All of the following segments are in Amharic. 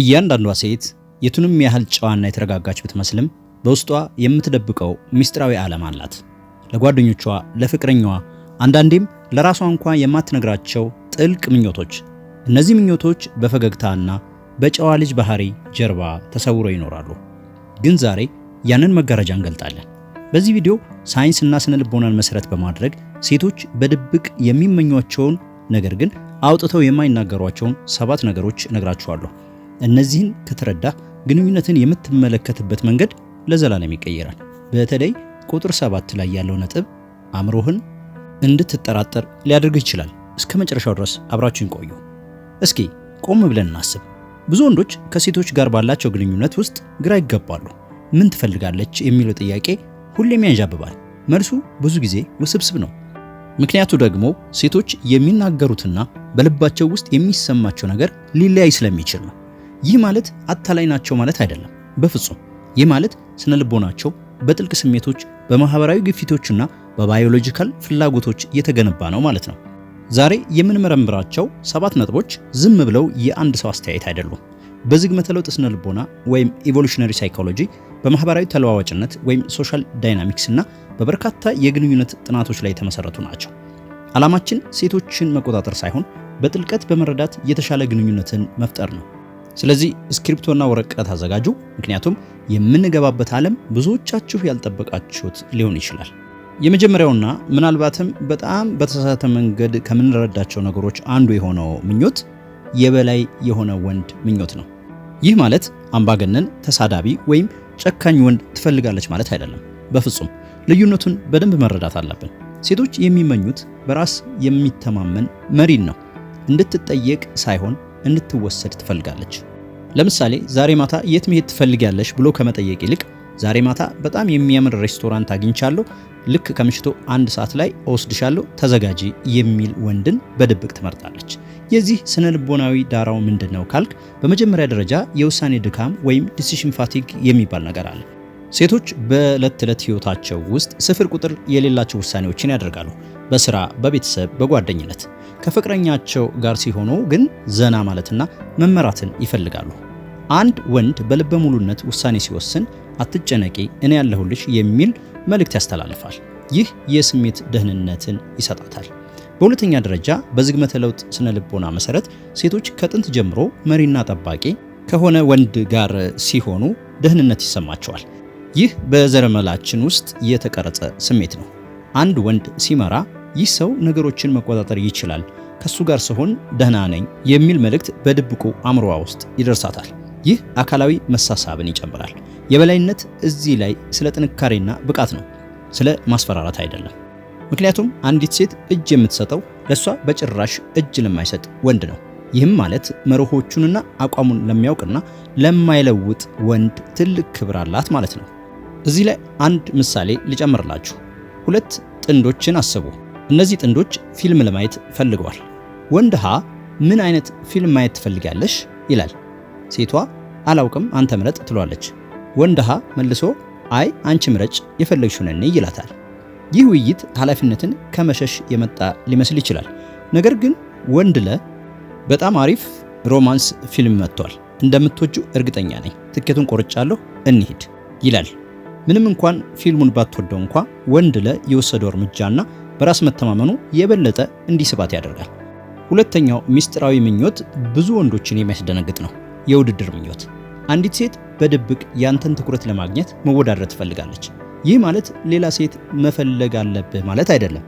እያንዳንዷ ሴት የቱንም ያህል ጨዋና የተረጋጋች ብትመስልም በውስጧ የምትደብቀው ምስጢራዊ ዓለም አላት። ለጓደኞቿ፣ ለፍቅረኛዋ፣ አንዳንዴም ለራሷ እንኳ የማትነግራቸው ጥልቅ ምኞቶች። እነዚህ ምኞቶች በፈገግታና በጨዋ ልጅ ባህሪ ጀርባ ተሰውረው ይኖራሉ። ግን ዛሬ ያንን መጋረጃ እንገልጣለን። በዚህ ቪዲዮ ሳይንስና ስነ ልቦናን መሰረት በማድረግ ሴቶች በድብቅ የሚመኟቸውን ነገር ግን አውጥተው የማይናገሯቸውን ሰባት ነገሮች እነግራችኋለሁ። እነዚህን ከተረዳ ግንኙነትን የምትመለከትበት መንገድ ለዘላለም ይቀየራል። በተለይ ቁጥር ሰባት ላይ ያለው ነጥብ አእምሮህን እንድትጠራጠር ሊያደርግ ይችላል። እስከ መጨረሻው ድረስ አብራችሁን ቆዩ። እስኪ ቆም ብለን እናስብ። ብዙ ወንዶች ከሴቶች ጋር ባላቸው ግንኙነት ውስጥ ግራ ይገባሉ። ምን ትፈልጋለች የሚለው ጥያቄ ሁሌም ያንዣብባል። መልሱ ብዙ ጊዜ ውስብስብ ነው። ምክንያቱ ደግሞ ሴቶች የሚናገሩትና በልባቸው ውስጥ የሚሰማቸው ነገር ሊለያይ ስለሚችል ነው። ይህ ማለት አታላይ ናቸው ማለት አይደለም፣ በፍጹም። ይህ ማለት ስነ ልቦናቸው በጥልቅ ስሜቶች፣ በማህበራዊ ግፊቶችና በባዮሎጂካል ፍላጎቶች እየተገነባ ነው ማለት ነው። ዛሬ የምንመረምራቸው ሰባት ነጥቦች ዝም ብለው የአንድ ሰው አስተያየት አይደሉም። በዝግመተ ለውጥ ስነ ልቦና ወይም ኢቮሉሽነሪ ሳይኮሎጂ፣ በማህበራዊ ተለዋዋጭነት ወይም ሶሻል ዳይናሚክስ እና በበርካታ የግንኙነት ጥናቶች ላይ የተመሰረቱ ናቸው። ዓላማችን ሴቶችን መቆጣጠር ሳይሆን በጥልቀት በመረዳት የተሻለ ግንኙነትን መፍጠር ነው። ስለዚህ እስክሪፕቶና ወረቀት አዘጋጁ፣ ምክንያቱም የምንገባበት ዓለም ብዙዎቻችሁ ያልጠበቃችሁት ሊሆን ይችላል። የመጀመሪያውና ምናልባትም በጣም በተሳሳተ መንገድ ከምንረዳቸው ነገሮች አንዱ የሆነው ምኞት የበላይ የሆነ ወንድ ምኞት ነው። ይህ ማለት አምባገነን፣ ተሳዳቢ ወይም ጨካኝ ወንድ ትፈልጋለች ማለት አይደለም። በፍጹም ልዩነቱን በደንብ መረዳት አለብን። ሴቶች የሚመኙት በራስ የሚተማመን መሪን ነው። እንድትጠየቅ ሳይሆን እንድትወሰድ ትፈልጋለች። ለምሳሌ ዛሬ ማታ የት መሄድ ትፈልጊያለሽ ብሎ ከመጠየቅ ይልቅ ዛሬ ማታ በጣም የሚያምር ሬስቶራንት አግኝቻለሁ፣ ልክ ከምሽቱ አንድ ሰዓት ላይ እወስድሻለሁ፣ ተዘጋጂ የሚል ወንድን በድብቅ ትመርጣለች። የዚህ ስነ ልቦናዊ ዳራው ምንድን ነው ካልክ፣ በመጀመሪያ ደረጃ የውሳኔ ድካም ወይም ዲሲሽን ፋቲግ የሚባል ነገር አለ። ሴቶች በዕለት ተዕለት ህይወታቸው ውስጥ ስፍር ቁጥር የሌላቸው ውሳኔዎችን ያደርጋሉ። በስራ፣ በቤተሰብ፣ በጓደኝነት ከፍቅረኛቸው ጋር ሲሆኑ ግን ዘና ማለትና መመራትን ይፈልጋሉ። አንድ ወንድ በልበ ሙሉነት ውሳኔ ሲወስን አትጨነቂ፣ እኔ ያለሁልሽ የሚል መልእክት ያስተላልፋል። ይህ የስሜት ደህንነትን ይሰጣታል። በሁለተኛ ደረጃ በዝግመተ ለውጥ ስነ ልቦና መሰረት ሴቶች ከጥንት ጀምሮ መሪና ጠባቂ ከሆነ ወንድ ጋር ሲሆኑ ደህንነት ይሰማቸዋል። ይህ በዘረመላችን ውስጥ የተቀረጸ ስሜት ነው። አንድ ወንድ ሲመራ ይህ ሰው ነገሮችን መቆጣጠር ይችላል፣ ከሱ ጋር ስሆን ደህና ነኝ የሚል መልእክት በድብቁ አእምሮዋ ውስጥ ይደርሳታል። ይህ አካላዊ መሳሳብን ይጨምራል። የበላይነት እዚህ ላይ ስለ ጥንካሬና ብቃት ነው፣ ስለ ማስፈራራት አይደለም። ምክንያቱም አንዲት ሴት እጅ የምትሰጠው ለእሷ በጭራሽ እጅ ለማይሰጥ ወንድ ነው። ይህም ማለት መርሆቹንና አቋሙን ለሚያውቅና ለማይለውጥ ወንድ ትልቅ ክብር አላት ማለት ነው። እዚህ ላይ አንድ ምሳሌ ልጨምርላችሁ። ሁለት ጥንዶችን አስቡ። እነዚህ ጥንዶች ፊልም ለማየት ፈልገዋል። ወንድ ሀ ምን አይነት ፊልም ማየት ትፈልጋለሽ ይላል። ሴቷ አላውቅም አንተ ምረጥ ትሏለች። ወንድ ሀ መልሶ አይ አንቺ ምረጭ የፈለግሽውን እኔ ይላታል። ይህ ውይይት ኃላፊነትን ከመሸሽ የመጣ ሊመስል ይችላል። ነገር ግን ወንድ ለ በጣም አሪፍ ሮማንስ ፊልም መጥቷል፣ እንደምትወጁ እርግጠኛ ነኝ፣ ትኬቱን ቆርጫለሁ፣ እንሂድ ይላል። ምንም እንኳን ፊልሙን ባትወደው እንኳ ወንድ ለ የወሰደው እርምጃና በራስ መተማመኑ የበለጠ እንዲስባት ያደርጋል። ሁለተኛው ሚስጥራዊ ምኞት ብዙ ወንዶችን የሚያስደነግጥ ነው። የውድድር ምኞት። አንዲት ሴት በድብቅ ያንተን ትኩረት ለማግኘት መወዳደር ትፈልጋለች። ይህ ማለት ሌላ ሴት መፈለግ አለብህ ማለት አይደለም።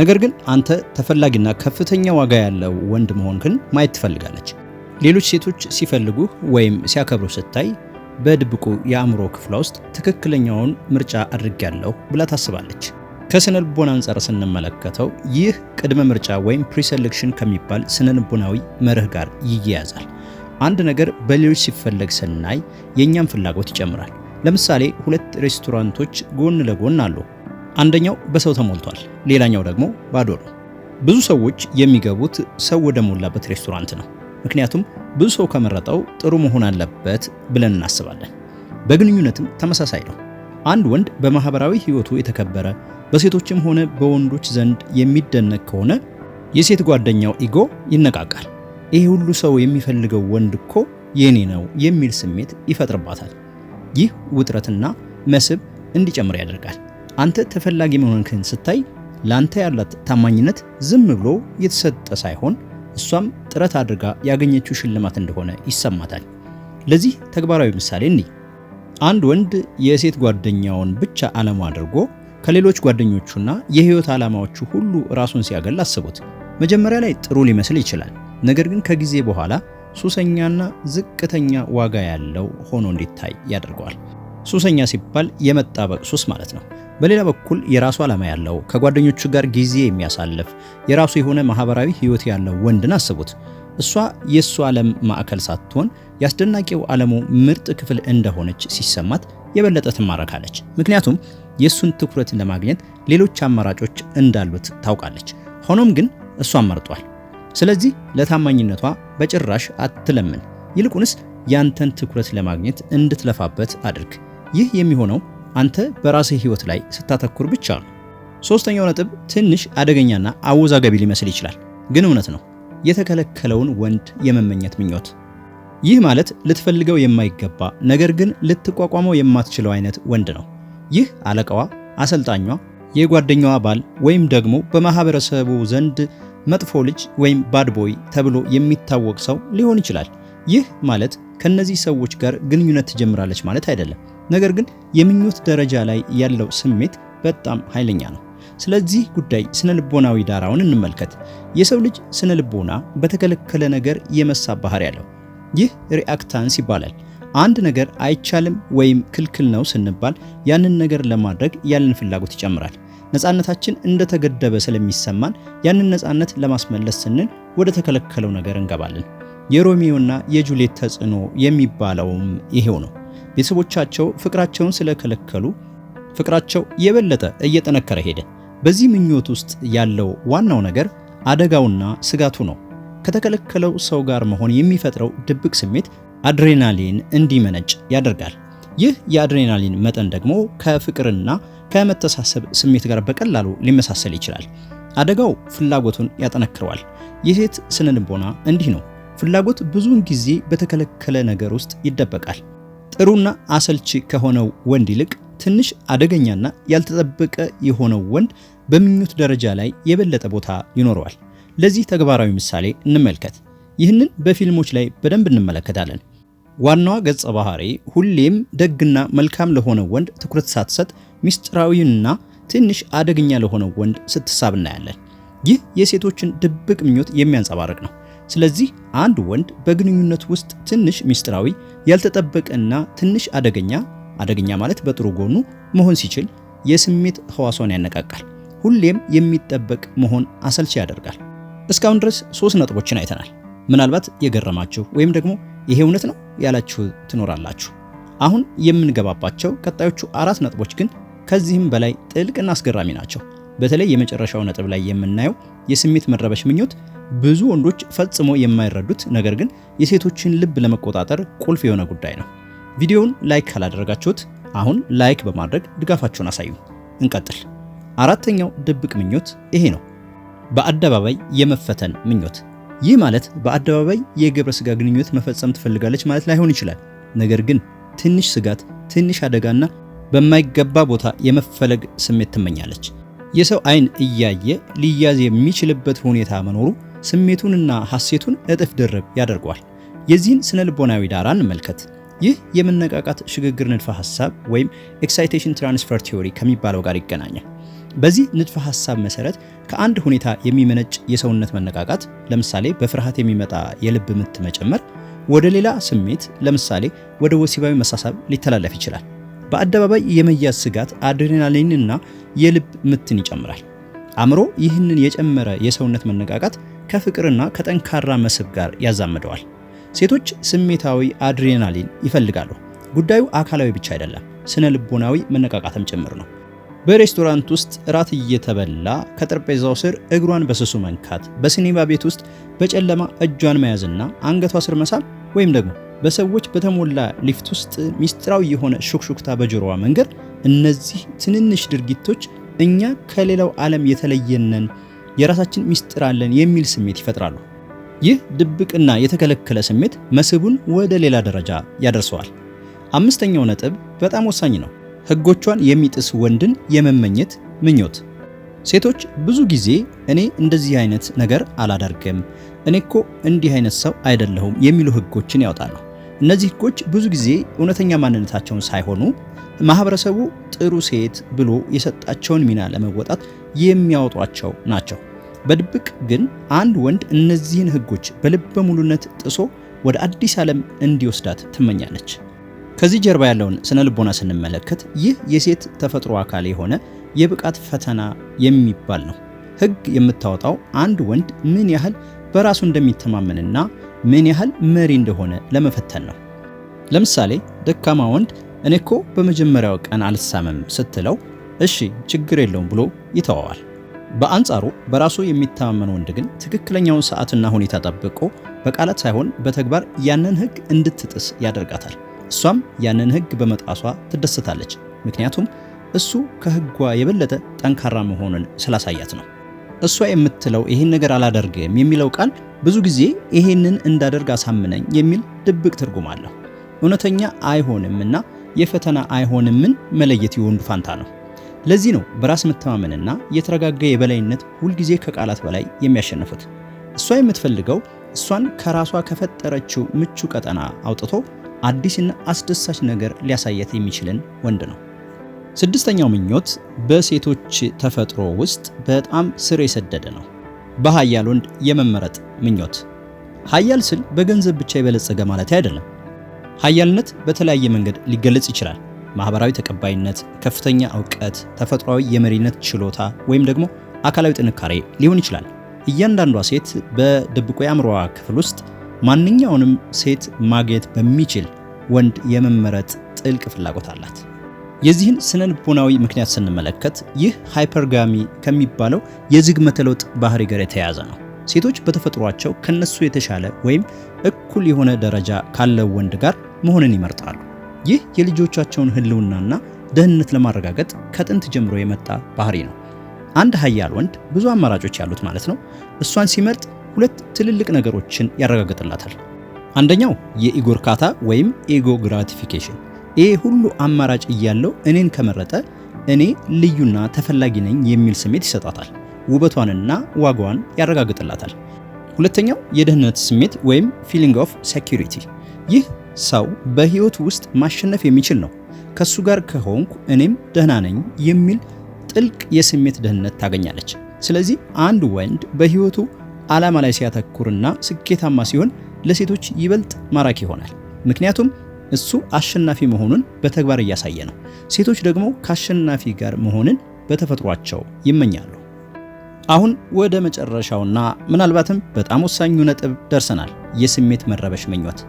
ነገር ግን አንተ ተፈላጊና ከፍተኛ ዋጋ ያለው ወንድ መሆንክን ማየት ትፈልጋለች። ሌሎች ሴቶች ሲፈልጉህ ወይም ሲያከብሩ ስታይ በድብቁ የአእምሮ ክፍሏ ውስጥ ትክክለኛውን ምርጫ አድርጌያለሁ ብላ ታስባለች። ከስነ ልቦና አንጻር ስንመለከተው ይህ ቅድመ ምርጫ ወይም ፕሪሴሌክሽን ከሚባል ስነ ልቦናዊ መርህ ጋር ይያያዛል። አንድ ነገር በሌሎች ሲፈለግ ስናይ የእኛም ፍላጎት ይጨምራል። ለምሳሌ ሁለት ሬስቶራንቶች ጎን ለጎን አሉ። አንደኛው በሰው ተሞልቷል፣ ሌላኛው ደግሞ ባዶ ነው። ብዙ ሰዎች የሚገቡት ሰው ወደ ሞላበት ሬስቶራንት ነው። ምክንያቱም ብዙ ሰው ከመረጠው ጥሩ መሆን አለበት ብለን እናስባለን። በግንኙነትም ተመሳሳይ ነው። አንድ ወንድ በማህበራዊ ህይወቱ የተከበረ በሴቶችም ሆነ በወንዶች ዘንድ የሚደነቅ ከሆነ የሴት ጓደኛው ኢጎ ይነቃቃል። ይህ ሁሉ ሰው የሚፈልገው ወንድ እኮ የኔ ነው የሚል ስሜት ይፈጥርባታል። ይህ ውጥረትና መስህብ እንዲጨምር ያደርጋል። አንተ ተፈላጊ መሆንክን ስታይ ለአንተ ያላት ታማኝነት ዝም ብሎ የተሰጠ ሳይሆን እሷም ጥረት አድርጋ ያገኘችው ሽልማት እንደሆነ ይሰማታል። ለዚህ ተግባራዊ ምሳሌ እንይ። አንድ ወንድ የሴት ጓደኛውን ብቻ ዓላማ አድርጎ ከሌሎች ጓደኞቹና የህይወት ዓላማዎቹ ሁሉ ራሱን ሲያገል አስቡት። መጀመሪያ ላይ ጥሩ ሊመስል ይችላል፣ ነገር ግን ከጊዜ በኋላ ሱሰኛና ዝቅተኛ ዋጋ ያለው ሆኖ እንዲታይ ያደርገዋል። ሱሰኛ ሲባል የመጣበቅ ሱስ ማለት ነው። በሌላ በኩል የራሱ ዓላማ ያለው ከጓደኞቹ ጋር ጊዜ የሚያሳልፍ የራሱ የሆነ ማህበራዊ ህይወት ያለው ወንድን አስቡት። እሷ የእሱ ዓለም ማዕከል ሳትሆን የአስደናቂው ዓለሙ ምርጥ ክፍል እንደሆነች ሲሰማት የበለጠ ትማረካለች። ምክንያቱም የእሱን ትኩረት ለማግኘት ሌሎች አማራጮች እንዳሉት ታውቃለች። ሆኖም ግን እሷ መርጧል። ስለዚህ ለታማኝነቷ በጭራሽ አትለምን። ይልቁንስ ያንተን ትኩረት ለማግኘት እንድትለፋበት አድርግ። ይህ የሚሆነው አንተ በራስህ ህይወት ላይ ስታተኩር ብቻ ነው። ሶስተኛው ነጥብ ትንሽ አደገኛና አወዛጋቢ ሊመስል ይችላል፣ ግን እውነት ነው። የተከለከለውን ወንድ የመመኘት ምኞት። ይህ ማለት ልትፈልገው የማይገባ ነገር ግን ልትቋቋመው የማትችለው አይነት ወንድ ነው። ይህ አለቃዋ፣ አሰልጣኟ፣ የጓደኛዋ ባል ወይም ደግሞ በማህበረሰቡ ዘንድ መጥፎ ልጅ ወይም ባድ ቦይ ተብሎ የሚታወቅ ሰው ሊሆን ይችላል። ይህ ማለት ከነዚህ ሰዎች ጋር ግንኙነት ትጀምራለች ማለት አይደለም። ነገር ግን የምኞት ደረጃ ላይ ያለው ስሜት በጣም ኃይለኛ ነው። ስለዚህ ጉዳይ ስነ ልቦናዊ ዳራውን እንመልከት። የሰው ልጅ ስነ ልቦና በተከለከለ ነገር የመሳብ ባህሪ ያለው ይህ ሪአክታንስ ይባላል። አንድ ነገር አይቻልም ወይም ክልክል ነው ስንባል ያንን ነገር ለማድረግ ያለን ፍላጎት ይጨምራል። ነፃነታችን እንደተገደበ ስለሚሰማን ያንን ነፃነት ለማስመለስ ስንል ወደ ተከለከለው ነገር እንገባለን። የሮሚዮና የጁሊየት ተጽዕኖ የሚባለውም ይሄው ነው። ቤተሰቦቻቸው ፍቅራቸውን ስለከለከሉ ፍቅራቸው የበለጠ እየጠነከረ ሄደ። በዚህ ምኞት ውስጥ ያለው ዋናው ነገር አደጋውና ስጋቱ ነው። ከተከለከለው ሰው ጋር መሆን የሚፈጥረው ድብቅ ስሜት አድሬናሊን እንዲመነጭ ያደርጋል። ይህ የአድሬናሊን መጠን ደግሞ ከፍቅርና ከመተሳሰብ ስሜት ጋር በቀላሉ ሊመሳሰል ይችላል። አደጋው ፍላጎቱን ያጠነክረዋል። የሴት ስነ ልቦና እንዲህ ነው። ፍላጎት ብዙውን ጊዜ በተከለከለ ነገር ውስጥ ይደበቃል። ጥሩና አሰልቺ ከሆነው ወንድ ይልቅ ትንሽ አደገኛና ያልተጠበቀ የሆነው ወንድ በምኞት ደረጃ ላይ የበለጠ ቦታ ይኖረዋል። ለዚህ ተግባራዊ ምሳሌ እንመልከት። ይህንን በፊልሞች ላይ በደንብ እንመለከታለን። ዋናዋ ገጸ ባህሪ ሁሌም ደግና መልካም ለሆነ ወንድ ትኩረት ሳትሰጥ ሚስጥራዊና ትንሽ አደገኛ ለሆነ ወንድ ስትሳብ እናያለን። ይህ የሴቶችን ድብቅ ምኞት የሚያንጸባርቅ ነው። ስለዚህ አንድ ወንድ በግንኙነት ውስጥ ትንሽ ሚስጥራዊ፣ ያልተጠበቀና ትንሽ አደገኛ አደገኛ ማለት በጥሩ ጎኑ መሆን ሲችል የስሜት ህዋሷን ያነቃቃል። ሁሌም የሚጠበቅ መሆን አሰልቺ ያደርጋል። እስካሁን ድረስ ሶስት ነጥቦችን አይተናል። ምናልባት የገረማችሁ ወይም ደግሞ ይሄ እውነት ነው ያላችሁ ትኖራላችሁ። አሁን የምንገባባቸው ቀጣዮቹ አራት ነጥቦች ግን ከዚህም በላይ ጥልቅና አስገራሚ ናቸው። በተለይ የመጨረሻው ነጥብ ላይ የምናየው የስሜት መረበሽ ምኞት ብዙ ወንዶች ፈጽሞ የማይረዱት ነገር ግን የሴቶችን ልብ ለመቆጣጠር ቁልፍ የሆነ ጉዳይ ነው። ቪዲዮውን ላይክ ካላደረጋችሁት አሁን ላይክ በማድረግ ድጋፋችሁን አሳዩ። እንቀጥል። አራተኛው ድብቅ ምኞት ይሄ ነው፣ በአደባባይ የመፈተን ምኞት ይህ ማለት በአደባባይ የግብረ ስጋ ግንኙነት መፈጸም ትፈልጋለች ማለት ላይሆን ይችላል። ነገር ግን ትንሽ ስጋት፣ ትንሽ አደጋና በማይገባ ቦታ የመፈለግ ስሜት ትመኛለች። የሰው አይን እያየ ሊያዝ የሚችልበት ሁኔታ መኖሩ ስሜቱንና ሐሴቱን እጥፍ ድርብ ያደርገዋል። የዚህን ስነ ልቦናዊ ዳራ እንመልከት። ይህ የመነቃቃት ሽግግር ንድፈ ሐሳብ ወይም ኤክሳይቴሽን ትራንስፈር ቲዮሪ ከሚባለው ጋር ይገናኛል። በዚህ ንድፈ ሐሳብ መሰረት ከአንድ ሁኔታ የሚመነጭ የሰውነት መነቃቃት ለምሳሌ በፍርሃት የሚመጣ የልብ ምት መጨመር ወደ ሌላ ስሜት ለምሳሌ ወደ ወሲባዊ መሳሳብ ሊተላለፍ ይችላል። በአደባባይ የመያዝ ስጋት አድሬናሊንና የልብ ምትን ይጨምራል። አእምሮ ይህንን የጨመረ የሰውነት መነቃቃት ከፍቅርና ከጠንካራ መስህብ ጋር ያዛምደዋል። ሴቶች ስሜታዊ አድሬናሊን ይፈልጋሉ። ጉዳዩ አካላዊ ብቻ አይደለም፣ ስነ ልቦናዊ መነቃቃትም ጭምር ነው። በሬስቶራንት ውስጥ እራት እየተበላ ከጠረጴዛው ስር እግሯን በስሱ መንካት፣ በሲኒማ ቤት ውስጥ በጨለማ እጇን መያዝና አንገቷ ስር መሳብ ወይም ደግሞ በሰዎች በተሞላ ሊፍት ውስጥ ሚስጥራዊ የሆነ ሹክሹክታ በጆሮዋ መንገር፣ እነዚህ ትንንሽ ድርጊቶች እኛ ከሌላው ዓለም የተለየነን፣ የራሳችን ሚስጥር አለን የሚል ስሜት ይፈጥራሉ። ይህ ድብቅና የተከለከለ ስሜት መስህቡን ወደ ሌላ ደረጃ ያደርሰዋል። አምስተኛው ነጥብ በጣም ወሳኝ ነው። ህጎቿን የሚጥስ ወንድን የመመኘት ምኞት። ሴቶች ብዙ ጊዜ እኔ እንደዚህ አይነት ነገር አላደርግም፣ እኔ እኮ እንዲህ አይነት ሰው አይደለሁም የሚሉ ህጎችን ያወጣሉ። እነዚህ ህጎች ብዙ ጊዜ እውነተኛ ማንነታቸውን ሳይሆኑ ማህበረሰቡ ጥሩ ሴት ብሎ የሰጣቸውን ሚና ለመወጣት የሚያወጧቸው ናቸው። በድብቅ ግን አንድ ወንድ እነዚህን ህጎች በልበ ሙሉነት ጥሶ ወደ አዲስ ዓለም እንዲወስዳት ትመኛለች። ከዚህ ጀርባ ያለውን ስነ ልቦና ስንመለከት ይህ የሴት ተፈጥሮ አካል የሆነ የብቃት ፈተና የሚባል ነው። ህግ የምታወጣው አንድ ወንድ ምን ያህል በራሱ እንደሚተማመንና ምን ያህል መሪ እንደሆነ ለመፈተን ነው። ለምሳሌ ደካማ ወንድ እኔ እኮ በመጀመሪያው ቀን አልሳመም ስትለው እሺ ችግር የለውም ብሎ ይተዋዋል። በአንጻሩ በራሱ የሚተማመን ወንድ ግን ትክክለኛውን ሰዓትና ሁኔታ ጠብቆ በቃላት ሳይሆን በተግባር ያንን ህግ እንድትጥስ ያደርጋታል። እሷም ያንን ህግ በመጣሷ ትደሰታለች። ምክንያቱም እሱ ከህጓ የበለጠ ጠንካራ መሆኑን ስላሳያት ነው። እሷ የምትለው ይህን ነገር አላደርግም የሚለው ቃል ብዙ ጊዜ ይሄንን እንዳደርግ አሳምነኝ የሚል ድብቅ ትርጉም አለው። እውነተኛ አይሆንምና የፈተና አይሆንምን መለየት የወንዱ ፋንታ ነው። ለዚህ ነው በራስ መተማመንና የተረጋጋ የበላይነት ሁልጊዜ ከቃላት በላይ የሚያሸንፉት። እሷ የምትፈልገው እሷን ከራሷ ከፈጠረችው ምቹ ቀጠና አውጥቶ አዲስና አስደሳች ነገር ሊያሳየት የሚችልን ወንድ ነው። ስድስተኛው ምኞት በሴቶች ተፈጥሮ ውስጥ በጣም ስር የሰደደ ነው። በሀያል ወንድ የመመረጥ ምኞት። ሀያል ስል በገንዘብ ብቻ የበለጸገ ማለት አይደለም። ሀያልነት በተለያየ መንገድ ሊገለጽ ይችላል። ማህበራዊ ተቀባይነት፣ ከፍተኛ እውቀት፣ ተፈጥሯዊ የመሪነት ችሎታ ወይም ደግሞ አካላዊ ጥንካሬ ሊሆን ይችላል። እያንዳንዷ ሴት በድብቆ የአእምሮዋ ክፍል ውስጥ ማንኛውንም ሴት ማግኘት በሚችል ወንድ የመመረጥ ጥልቅ ፍላጎት አላት። የዚህን ስነ ልቦናዊ ምክንያት ስንመለከት ይህ ሃይፐርጋሚ ከሚባለው የዝግመተ ለውጥ ባህሪ ጋር የተያያዘ ነው። ሴቶች በተፈጥሯቸው ከነሱ የተሻለ ወይም እኩል የሆነ ደረጃ ካለው ወንድ ጋር መሆንን ይመርጣሉ። ይህ የልጆቻቸውን ህልውናና ደህንነት ለማረጋገጥ ከጥንት ጀምሮ የመጣ ባህሪ ነው። አንድ ሀያል ወንድ ብዙ አማራጮች ያሉት ማለት ነው። እሷን ሲመርጥ ሁለት ትልልቅ ነገሮችን ያረጋግጥላታል። አንደኛው የኢጎ እርካታ ወይም ኢጎ ግራቲፊኬሽን። ይሄ ሁሉ አማራጭ እያለው እኔን ከመረጠ እኔ ልዩና ተፈላጊ ነኝ የሚል ስሜት ይሰጣታል። ውበቷንና ዋጋዋን ያረጋግጥላታል። ሁለተኛው የደህንነት ስሜት ወይም ፊሊንግ ኦፍ ሴኪሪቲ። ይህ ሰው በህይወት ውስጥ ማሸነፍ የሚችል ነው። ከሱ ጋር ከሆንኩ እኔም ደህና ነኝ የሚል ጥልቅ የስሜት ደህንነት ታገኛለች። ስለዚህ አንድ ወንድ በህይወቱ ዓላማ ላይ ሲያተኩርና ስኬታማ ሲሆን ለሴቶች ይበልጥ ማራኪ ይሆናል። ምክንያቱም እሱ አሸናፊ መሆኑን በተግባር እያሳየ ነው። ሴቶች ደግሞ ከአሸናፊ ጋር መሆንን በተፈጥሯቸው ይመኛሉ። አሁን ወደ መጨረሻውና ምናልባትም በጣም ወሳኙ ነጥብ ደርሰናል፣ የስሜት መረበሽ ምኞት።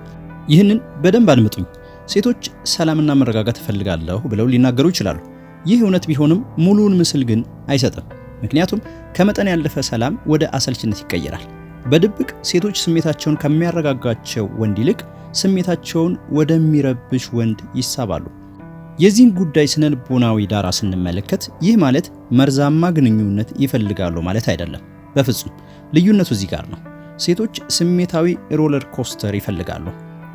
ይህንን በደንብ አድምጡኝ። ሴቶች ሰላምና መረጋጋት እፈልጋለሁ ብለው ሊናገሩ ይችላሉ። ይህ እውነት ቢሆንም ሙሉውን ምስል ግን አይሰጥም። ምክንያቱም ከመጠን ያለፈ ሰላም ወደ አሰልችነት ይቀየራል። በድብቅ ሴቶች ስሜታቸውን ከሚያረጋጋቸው ወንድ ይልቅ ስሜታቸውን ወደሚረብሽ ወንድ ይሳባሉ። የዚህን ጉዳይ ስነ ልቦናዊ ዳራ ስንመለከት ይህ ማለት መርዛማ ግንኙነት ይፈልጋሉ ማለት አይደለም። በፍጹም ልዩነቱ እዚህ ጋር ነው። ሴቶች ስሜታዊ ሮለር ኮስተር ይፈልጋሉ።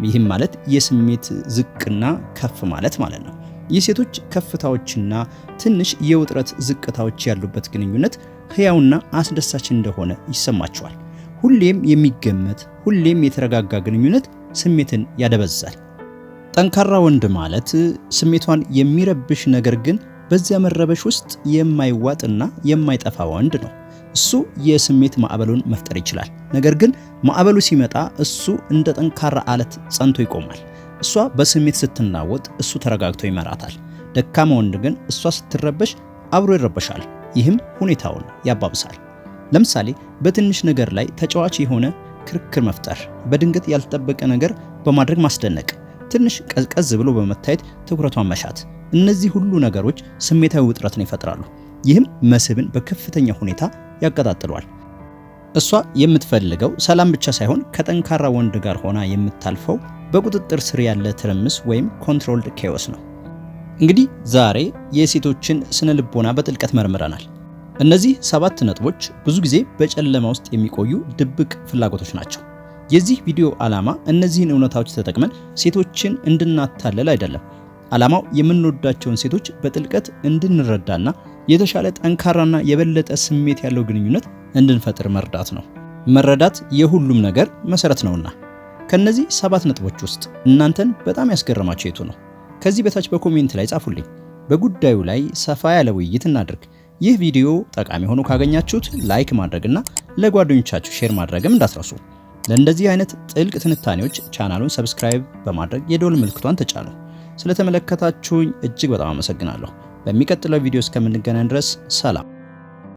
ይህም ማለት የስሜት ዝቅና ከፍ ማለት ማለት ነው። የሴቶች ከፍታዎችና ትንሽ የውጥረት ዝቅታዎች ያሉበት ግንኙነት ሕያውና አስደሳች እንደሆነ ይሰማቸዋል። ሁሌም የሚገመት ሁሌም የተረጋጋ ግንኙነት ስሜትን ያደበዛል። ጠንካራ ወንድ ማለት ስሜቷን የሚረብሽ ነገር ግን በዚያ መረበሽ ውስጥ የማይዋጥና የማይጠፋ ወንድ ነው። እሱ የስሜት ማዕበሉን መፍጠር ይችላል። ነገር ግን ማዕበሉ ሲመጣ እሱ እንደ ጠንካራ አለት ጸንቶ ይቆማል። እሷ በስሜት ስትናወጥ እሱ ተረጋግቶ ይመራታል። ደካማ ወንድ ግን እሷ ስትረበሽ አብሮ ይረበሻል። ይህም ሁኔታውን ያባብሳል። ለምሳሌ በትንሽ ነገር ላይ ተጫዋች የሆነ ክርክር መፍጠር፣ በድንገት ያልተጠበቀ ነገር በማድረግ ማስደነቅ፣ ትንሽ ቀዝቀዝ ብሎ በመታየት ትኩረቷን መሻት፣ እነዚህ ሁሉ ነገሮች ስሜታዊ ውጥረትን ይፈጥራሉ። ይህም መስህብን በከፍተኛ ሁኔታ ያቀጣጥሏል። እሷ የምትፈልገው ሰላም ብቻ ሳይሆን ከጠንካራ ወንድ ጋር ሆና የምታልፈው በቁጥጥር ስር ያለ ትርምስ ወይም ኮንትሮልድ ኬዎስ ነው። እንግዲህ ዛሬ የሴቶችን ስነ ልቦና በጥልቀት መርምረናል። እነዚህ ሰባት ነጥቦች ብዙ ጊዜ በጨለማ ውስጥ የሚቆዩ ድብቅ ፍላጎቶች ናቸው። የዚህ ቪዲዮ ዓላማ እነዚህን እውነታዎች ተጠቅመን ሴቶችን እንድናታለል አይደለም። ዓላማው የምንወዳቸውን ሴቶች በጥልቀት እንድንረዳና የተሻለ ጠንካራና የበለጠ ስሜት ያለው ግንኙነት እንድንፈጥር መርዳት ነው። መረዳት የሁሉም ነገር መሰረት ነውና ከነዚህ ሰባት ነጥቦች ውስጥ እናንተን በጣም ያስገረማቸው የቱ ነው? ከዚህ በታች በኮሜንት ላይ ጻፉልኝ። በጉዳዩ ላይ ሰፋ ያለ ውይይት እናድርግ። ይህ ቪዲዮ ጠቃሚ ሆኖ ካገኛችሁት ላይክ ማድረግና ለጓደኞቻችሁ ሼር ማድረግም እንዳትረሱ። ለእንደዚህ አይነት ጥልቅ ትንታኔዎች ቻናሉን ሰብስክራይብ በማድረግ የደወል ምልክቷን ተጫኑ። ስለተመለከታችሁኝ እጅግ በጣም አመሰግናለሁ። በሚቀጥለው ቪዲዮ እስከምንገናኝ ድረስ ሰላም።